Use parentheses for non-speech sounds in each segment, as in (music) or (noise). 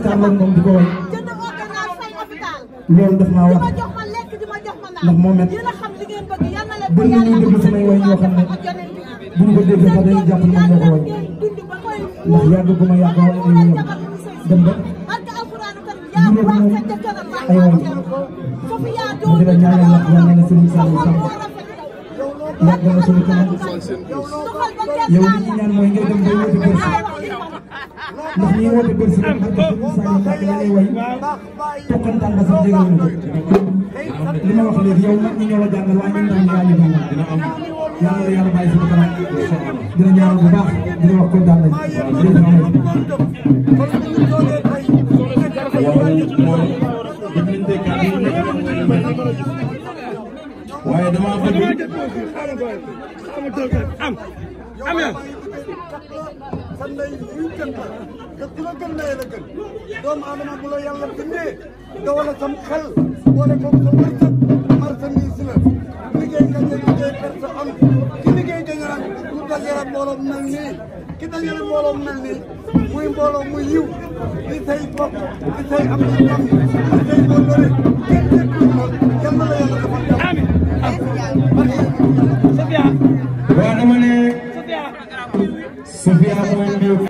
jàkkaarloo moom di ko way loolu daf maa wax ndax moo met bëri na ñuy déglu samay way ñoo xam ne bu ñu ko déggee sax dañuy jàpp ne moom moo ko way ndax yàgg gu ma yàgg a way ay wayam dem ba ñu ne moom ay wayam mu di la ñaanal ndax yàlla na ne sëriñ Saliou Samb yàgg na suñu kanam yow li ñu ñaan mooy ngay dem bay wuti kër ndax ñi woote bër si xam nga Saliou Mbacké da lay way tokkantaan ba sax déglu la li ma wax léegi yow nag ñu ñoo la jàngal waaye ñun tam yaa ñu jàngal dina am yàlla la yàlla bàyyi sama kanam dina ñaanal bu baax dina wax kontaan nañ waaye dama bëgg am am sa ndey muy gën la te ku la gën ndey la gën doomu aadama bu la yàlla bindee nga wala sam xel boole ko sa wërsëg marchandise la liggéey nga ne liggéey perte am ki liggéey da nga naan lu dajale mbooloo mel nii ki dajale mbooloo mel nii muy mbooloo muy yiw di say bokk di say am di am di say bondore kenn jëkkul lool yàlla la yàlla defal jàmm. Sofia Moindou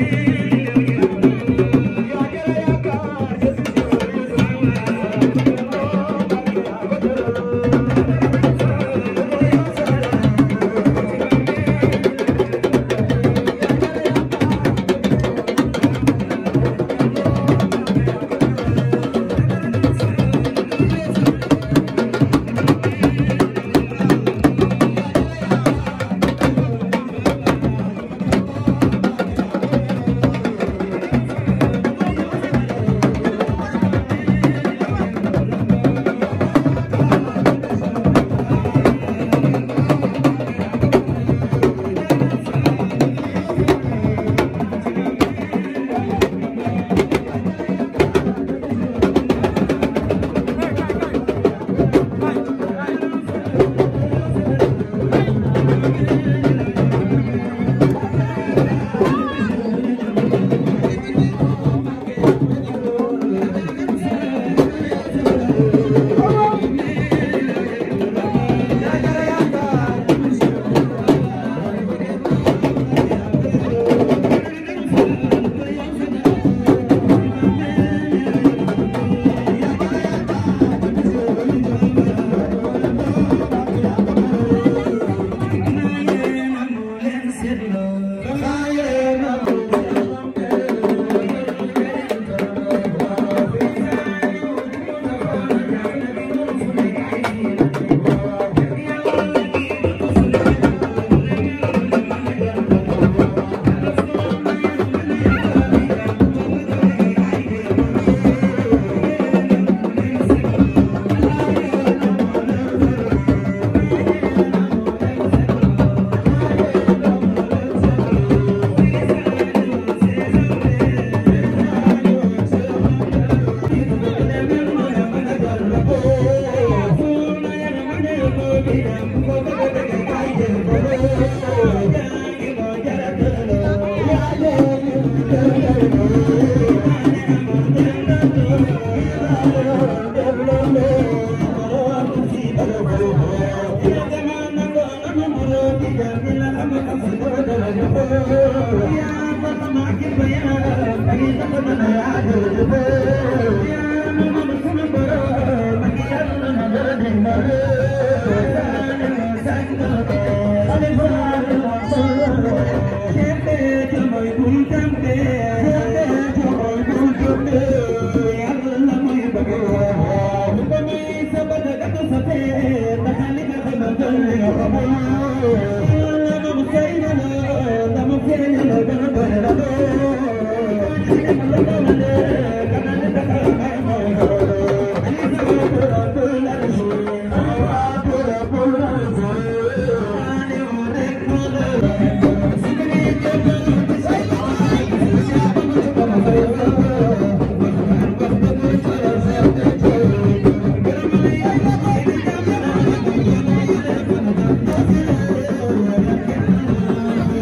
Thank (laughs) you.